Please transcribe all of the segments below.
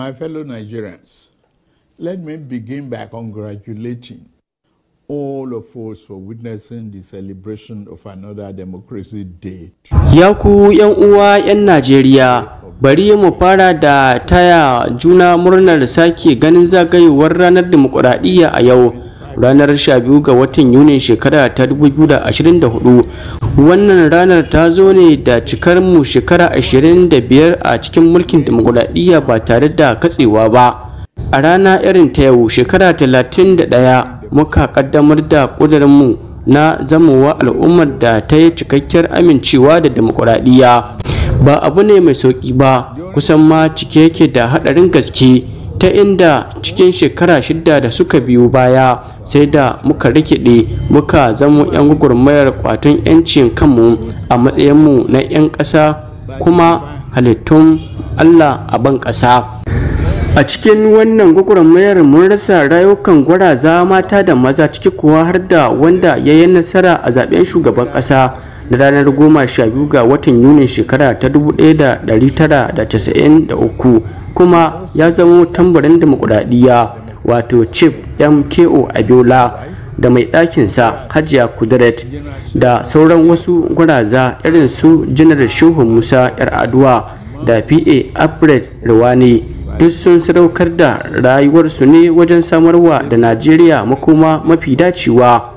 My fellow Nigerians, let me begin by congratulating all of us for witnessing the celebration of another democracy day. yaku 'yan uwa 'yan Najeriya, bari mu fara da taya juna murnar sake ganin zagayowar ranar dimokuraɗiyya a yau. ranar 12 ga watan yunin shekara ta 2024 wannan ranar ta zo ne da cikar mu shekara 25 a cikin mulkin demokuraɗiyya ba tare da katsewa ba a rana irin ta yau shekara 31 muka kaddamar da ƙudurinmu na zamowa al'ummar da ta yi cikakkiyar amincewa da demokuraɗiyya ba abu ne mai sauƙi ba kusan ma cike yake da haɗarin gaske ta inda cikin shekara shida da suka biyu baya sai da muka rikide muka zamo 'yan gwagwarmayar kwaton 'yancin kanmu a matsayinmu na 'yan ƙasa kuma halittun allah a ban ƙasa a cikin wannan gwagwarmayar mun rasa rayukan gwaraza mata da maza ciki kuwa har da wanda ya yi nasara a zaɓen shugaban ƙasa na ranar goma sha biyu ga watan yunin shekara ta 1993 kuma ya zama tambarin demokuraɗiyya wato chief mko abiola da mai ɗakinsa hajiya kudret da sauran wasu guraza irin su janar shehu musa yar aduwa da pa alfred rawani duk sun sadaukar da rayuwarsu ne wajen samarwa da najeriya makoma mafi dacewa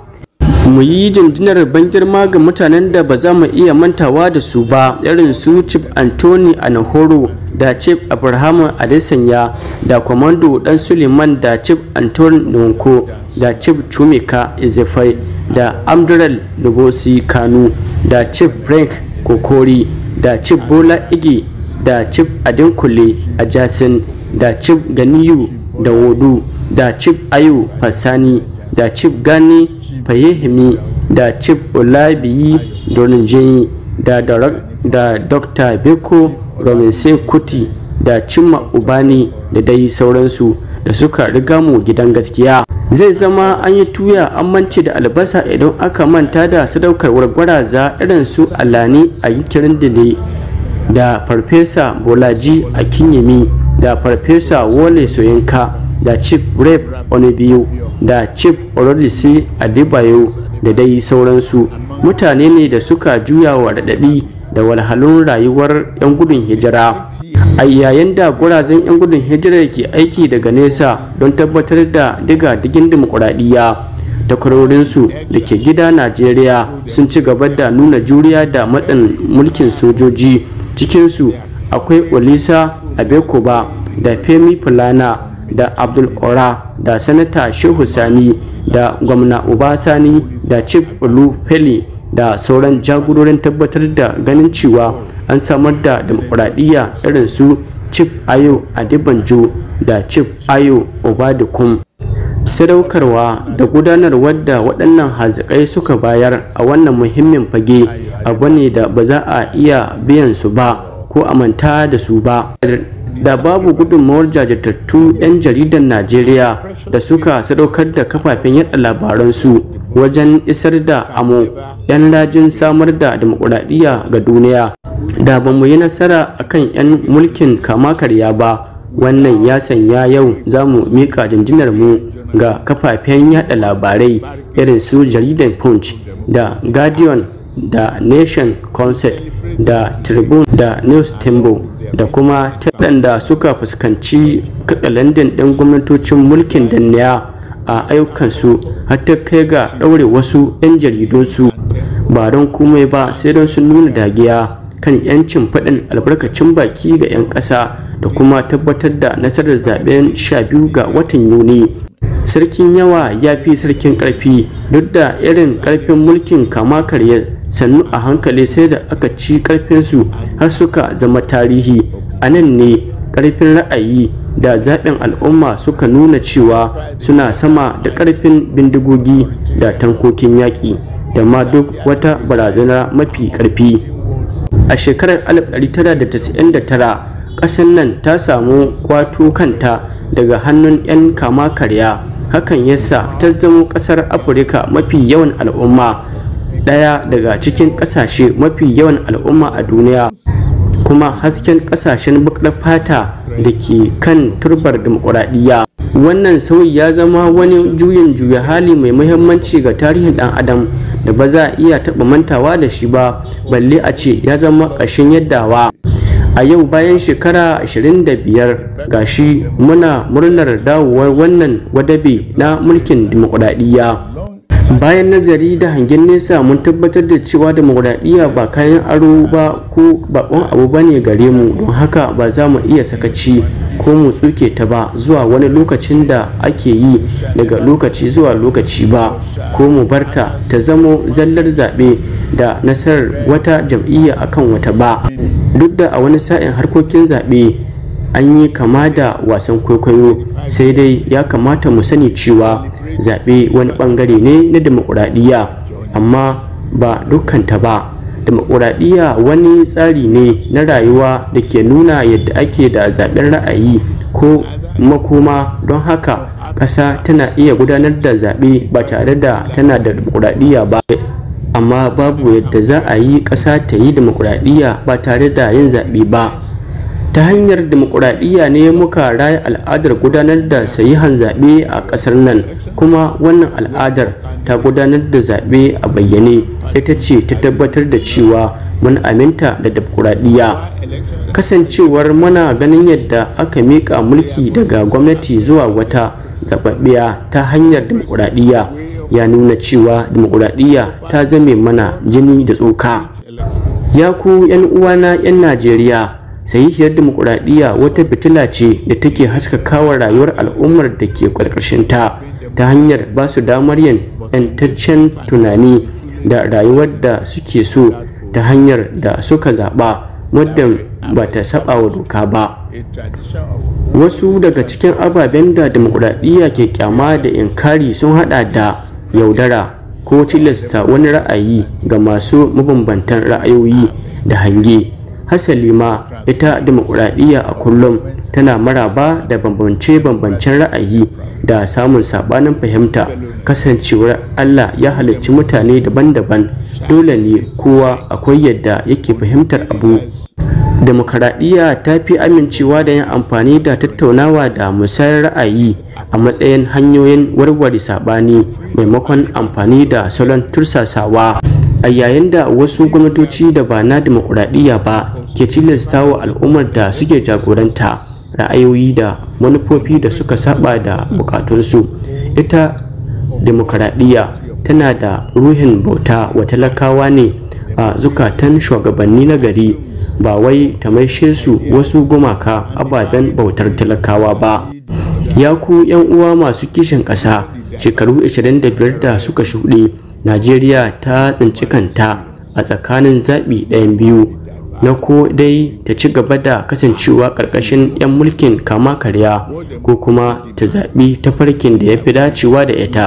mu yi jinjinar ban girma ga mutanen da ba za mu iya mantawa da su ba irin su chief anthony anahoro da chief abraham adesanya da kwamando dan suleiman da chief anthony nonko da chief chumika ezefai da amdural lubosi kanu da chief frank kokori da chief bola igi da chief adinkule ajasin da chief ganiyu da wodu da chief ayu fasani da chief gani fahimi da chip olabiyi dorinjeyi da da dr beko romense kuti da cimma ubani da dai sauransu da suka riga mu gidan gaskiya zai zama an yi tuya an mance da albasa idan aka manta da sadaukarwar gwaraza irin su alani a yikirin dine da farfesa bolaji a kinyemi da farfesa wole soyinka da chief rev biyu da chief ororisi adibayo da dai sauransu mutane ne da suka juya wa raɗaɗi da walhalun rayuwar 'yan gudun hijira a yayin da gurazen 'yan gudun hijira ke aiki daga nesa don tabbatar da diga digin dimokuraɗiyya takwarorinsu da ke gida najeriya sun ci gaba da nuna juriya da matsin mulkin sojoji cikinsu akwai olisa abekoba da femi fulana da abdul ora da sanata shehu sani da gwamna obasani da chief feli da sauran jagororin tabbatar da ganin cewa an samar da demokuraɗiyya irin su chief ayo adibanjo da chief ayo obadukum sadaukarwa da gudanarwar da waɗannan hazikai suka bayar a wannan muhimmin fage abu ne da ba za a iya biyan su ba ko a manta da su ba da babu gudunmawar jajirtattu 'yan jaridar najeriya da suka sadaukar da kafafen yada labaransu wajen isar da amo 'yan rajin samar da demokuraɗiyya ga duniya da ba mu yi nasara akan 'yan mulkin kama karya ba wannan ya sanya yau za mu mika jinjinar mu ga kafafen yada labarai irin su jaridar punch da guardian da nation concert da tribune da news tembo da kuma waɗanda suka fuskanci katsalandin ɗin gwamnatocin mulkin danniya a ayyukansu har ta kai ga ɗaure wasu 'yan jaridun su ba don komai ba sai don sun nuna dagiya kan 'yancin faɗin albarkacin baki ga 'yan ƙasa da kuma tabbatar da nasarar zaben 12 ga watan yuni sarkin yawa ya fi sarkin ƙarfi duk da irin ƙarfin mulkin kama karya sannu a hankali sai da aka ci ƙarfinsu har suka zama tarihi a nan ne ƙarfin ra'ayi da zaɓin al'umma suka nuna cewa suna sama da ƙarfin bindigogi da tankokin yaƙi da ma duk wata barazana mafi ƙarfi a shekarar 1999 ƙasar nan ta samu kwato kanta daga hannun 'yan kama karya hakan yasa ta zama ƙasar afirka mafi yawan al'umma ɗaya daga cikin ƙasashe mafi yawan al'umma a duniya kuma hasken ƙasashen baƙar fata da ke kan turbar dimokuraɗiyya wannan sauyi ya zama wani juyin juya hali mai muhimmanci ga tarihin ɗan adam da ba za a iya taɓa mantawa da shi ba balle a ce ya zama ƙashin yaddawa a yau bayan shekara 25 shi muna murnar dawowar wannan wadabi na mulkin dimokuraɗiyya bayan nazari da hangen nesa mun tabbatar da cewa demokuraɗiyya ba kayan aro ba ko baƙon abu ba ne gare mu don haka ba za mu iya sakaci ko mu tsuke ta ba zuwa wani lokacin da ake yi daga lokaci zuwa lokaci ba ko mu barta ta zamo zallar zaɓe da nasarar wata jam'iyya akan wata ba duk da a wani sa'in harkokin zaɓe an yi kama da wasan kwaikwayo sai dai ya kamata mu sani cewa zaɓe wani ɓangare ne na demokuraɗiyya amma ba dukkanta ba demokuraɗiyya wani tsari ne na rayuwa da ke nuna yadda ake da zaɓen ra'ayi ko makoma don haka ƙasa tana iya gudanar da zaɓe ba tare da tana da demokuraɗiyya ba amma babu yadda za a yi ƙasa ta yi demokuraɗiyya ba tare da yin zaɓe ba ta hanyar demokuraɗiyya ne muka raya al'adar gudanar da sayihan zaɓe a ƙasar nan kuma wannan al'adar ta gudanar da zaɓe a bayyane ita ce ta tabbatar da cewa mun aminta da demokuraɗiyya kasancewar mana ganin yadda aka miƙa mulki daga gwamnati zuwa wata zaɓaɓɓiya ta hanyar demokuraɗiyya ya nuna cewa dimokuraɗiyya ta zame mana jini da tsoka ya ku 'yan uwana 'yan najeriya sahihiyar dimokuraɗiyya wata fitila ce da take haskakawa rayuwar al'ummar da ke ta ta hanyar ba su damar yin 'yantaccen tunani da rayuwar da suke so ta hanyar da suka zaɓa wadda ba ta saba wa doka ba wasu daga cikin ababen da dimokuraɗiyya ke kyama da inkari sun hada da yaudara ko tilasta wani ra'ayi ga masu mabambantan ra'ayoyi da hange hasali ma ita demokuraɗiyya a kullum tana maraba da bambance-bambancen ra'ayi da samun sabanin fahimta kasancewar allah ya halicci mutane daban-daban dole ne kowa akwai yadda yake fahimtar abu demokaradiyya ta fi amincewa da yin amfani da tattaunawa da musayar ra'ayi a matsayin hanyoyin warware saɓani maimakon amfani da salon tursasawa a yayin da wasu gwamnatoci da ba na demokuraɗiyya ba ke tilasta wa al'ummar da suke jagoranta ra'ayoyi da manufofi da suka saba da bukatunsu ita demokuraɗiyya tana da ruhin bauta wa talakawa ne a zukatan shugabanni na gari ba wai ta maishe su wasu gumaka ababen bautar talakawa ba ya ku 'yan uwa masu kishin ƙasa shekaru 25 da suka shuɗe najeriya ta tsinci kanta a tsakanin zaɓi ɗayan biyu na ko dai ta ci gaba da kasancewa ƙarƙashin 'yan mulkin kama karya ko kuma ta zaɓi farkin da ya fi dacewa da ita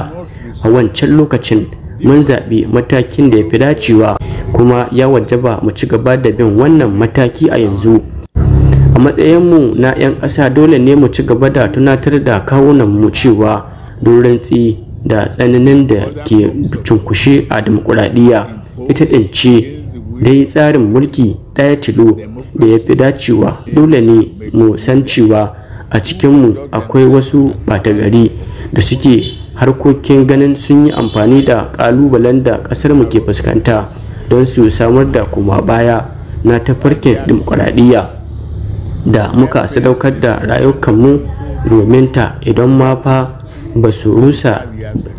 a wancan lokacin mun zaɓi matakin da ya fi dacewa kuma ya wajaba mu ci gaba da bin wannan mataki a yanzu a matsayinmu na 'yan ƙasa dole ne mu ci gaba da tunatar da kawunan mu cewa don da tsananin da ke cunkushe a demokuraɗiyya ita ɗin ce dai tsarin mulki ɗaya tilo da ya fi dacewa dole ne mu san cewa a cikinmu akwai wasu ɓata gari da suke harkokin ganin sun yi amfani da kalubalen da kasar mu ke fuskanta don su samar da kuma baya na tafarkin dimokuraɗiyya da muka sadaukar da rayukanmu domin ta idan ma fa ba su rusa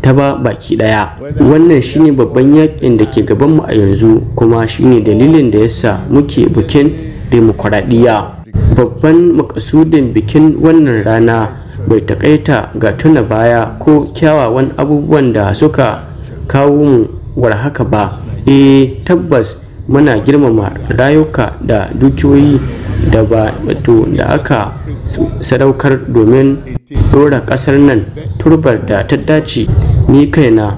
ta ba baki daya wannan shine babban yakin da ke gabanmu a yanzu kuma shine dalilin da yasa muke bikin dimokuraɗiyya. babban makasudin bikin wannan rana bai takaita ga tuna baya ko kyawawan abubuwan da suka kawo mu haka ba e tabbas muna girmama rayuka da dukiyoyi da ba da aka sadaukar domin dora kasar nan turbar da ta dace ni kaina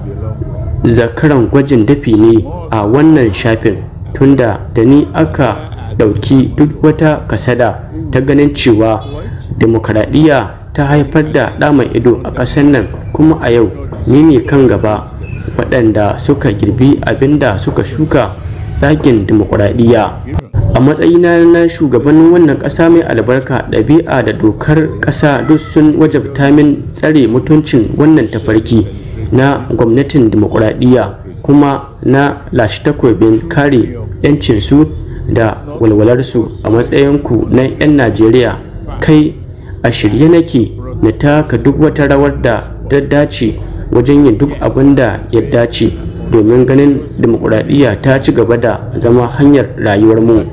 zakaran gwajin dafi ne a wannan shafin tunda da ni aka dauki duk wata kasada ta ganin cewa demokaradiyya ta haifar da damar ido a ƙasar nan kuma a yau ni ne kan gaba waɗanda suka girbi abin da suka shuka tsakin dimokuraɗiyya a matsayina na shugaban wannan ƙasa mai albarka ɗabi'a da dokar ƙasa duk sun wajabta min tsare mutuncin wannan tafarki na gwamnatin dimokuraɗiyya kuma na lashe takobin kare 'yancinsu da walwalarsu a matsayinku na 'yan najeriya kai a shirye nake na taka duk wata rawar da ta dace wajen yin duk abin da ya dace domin ganin demokuraɗiyya ta ci gaba da zama hanyar rayuwar mu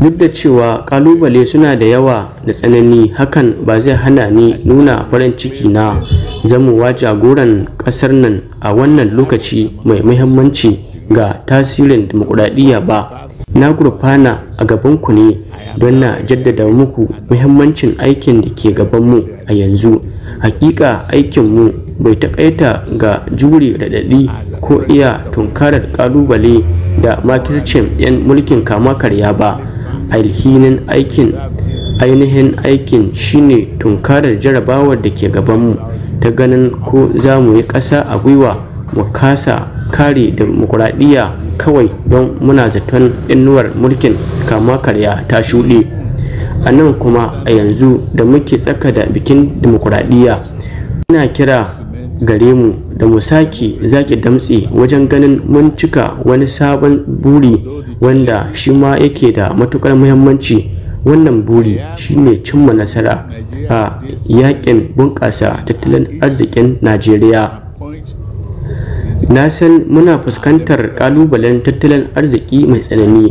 duk da cewa kalubale suna da yawa da tsanani hakan ba zai hana ni nuna farin ciki na zamowa jagoran ƙasar nan a wannan lokaci mai muhimmanci ga tasirin demokuraɗiyya ba na gurfana a gabanku ne don na jaddada muku muhimmancin aikin da ke gabanmu a yanzu hakika aikinmu bai takaita ga jure raɗaɗi ko iya tunkarar ƙalubale da makircin 'yan mulkin kama karya ba alhinin aikin ainihin aikin shine tunkarar jarabawar da ke gabanmu ta ganin ko za mu yi ƙasa a gwiwa mu kasa kare demokuraɗiyya kawai don muna zaton inuwar mulkin kama karya ta shuɗe a nan kuma a yanzu da muke tsaka da bikin dimokuraɗiyya ina kira gare mu da mu sake zaƙi damtse wajen ganin mun cika wani sabon buri wanda shi ma yake da matuƙar muhimmanci wannan buri shine cimma nasara a yaƙin bunƙasa tattalin arzikin najeriya na san muna fuskantar kalubalen tattalin arziki mai tsanani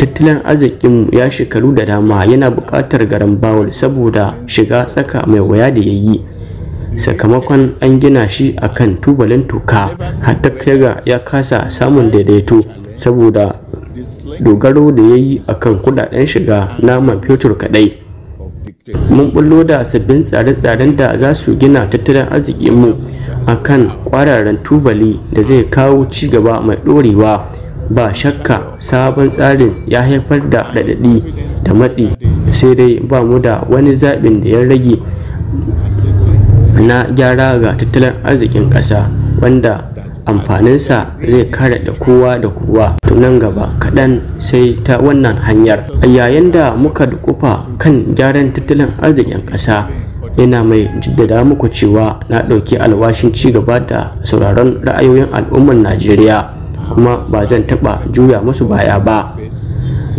tattalin arzikinmu ya shekaru da dama yana buƙatar garin bawul saboda shiga tsaka mai waya da ya yi sakamakon an gina shi a kan tubalin toka hatta kega ya kasa samun daidaito saboda dogaro da ya yi a kan kudaden shiga na man fetur kadai mun bullo da sabbin tsare-tsaren da za su gina tattalin arzikinmu a kan kwararen tubali da zai kawo ci gaba mai ɗorewa ba shakka sabon tsarin ya haifar da raɗaɗi da matsi sai dai ba mu da wani zaɓin da ya rage na gyara ga tattalin arzikin ƙasa wanda amfaninsa zai kare da kowa da kowa tunan gaba kaɗan sai ta wannan hanyar a yayin da muka dukufa kan gyaran tattalin arzikin ƙasa yana mai jaddada muku cewa na ɗauki alwashin cigaba da sauraron ra'ayoyin al'ummar najeriya kuma ba zan taɓa juya musu baya ba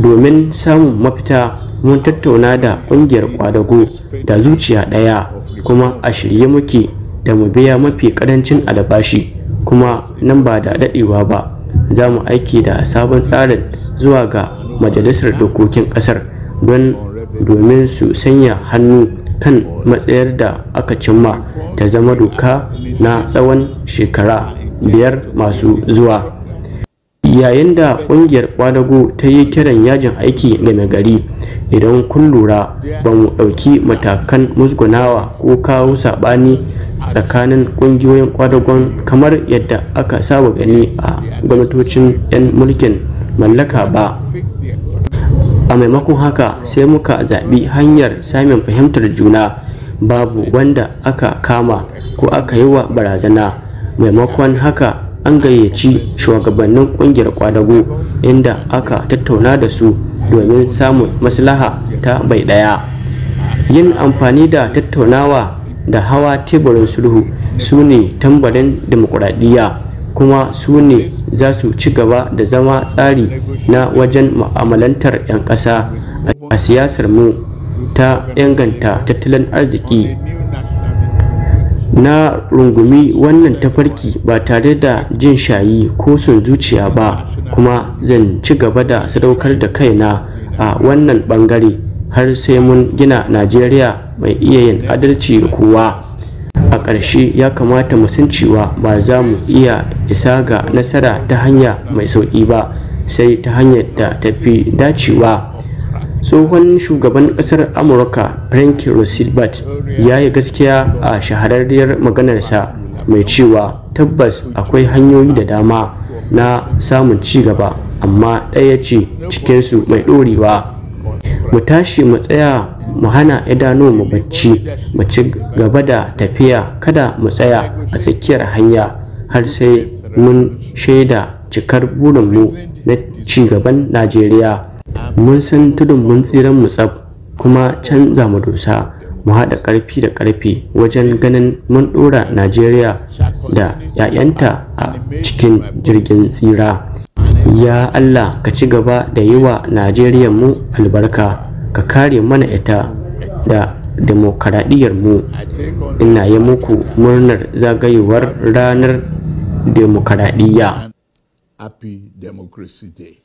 domin samun mafita mun tattauna da ƙungiyar kwadago da zuciya ɗaya kuma a shirye muke da mu biya mafi ƙarancin albashi kuma nan ba da daɗewa ba za mu aiki da sabon tsarin zuwa ga majalisar dokokin ƙasar don domin su sanya hannu kan matsayar da aka cimma ta zama doka na tsawon shekara biyar masu zuwa yayin da ƙungiyar kwadago ta yi kiran yajin aiki game gari idan kun lura ba mu ɗauki matakan musgunawa ko kawo saɓani tsakanin kungiyoyin kwadagon kamar yadda aka saba gani a gwamnatocin 'yan mulkin mallaka ba a maimakon haka sai muka zaɓi hanyar samun fahimtar juna babu wanda aka kama ko aka yi wa barazana maimakon haka an gayyaci shugabannin kungiyar kwadago inda aka tattauna da su domin samun maslaha ta bai ɗaya. yin amfani da tattaunawa da hawa teburin sulhu su ne tambarin demokuraɗiyya kuma su ne za su ci gaba da zama tsari na wajen ma'amalantar 'yan ƙasa a siyasar mu ta inganta tattalin arziki na rungumi wannan tafarki ba tare da jin shayi ko son zuciya ba kuma zan ci gaba da sadaukar da kaina a wannan bangare har sai mun gina najeriya mai iya yin adalci kowa a ƙarshe ya kamata mu san cewa ba za mu iya isa ga nasara ta hanya mai sauƙi ba sai ta hanyar da tafi dacewa tsohon shugaban ƙasar amurka frank roosevelt ya yi gaskiya a shahararriyar maganarsa mai cewa tabbas akwai hanyoyi da dama na samun ci gaba amma ɗaya ce cikinsu mai ɗorewa mu tashi mu tsaya mu hana idanu mu bacci mu ci gaba da tafiya kada mu tsaya a tsakiyar hanya har sai mun shaida cikar burinmu na ci gaban najeriya mun san tudun mun tsiran mu tsab kuma canza mu dusa, mu haɗa ƙarfi da ƙarfi wajen ganin mun ɗora najeriya da 'ya'yanta a cikin jirgin tsira ya allah ka ci gaba da yi wa najeriya mu albarka ka kare mana ita da mu ina yi muku murnar zagayowar ranar demokaradiyya Happy Democracy Day.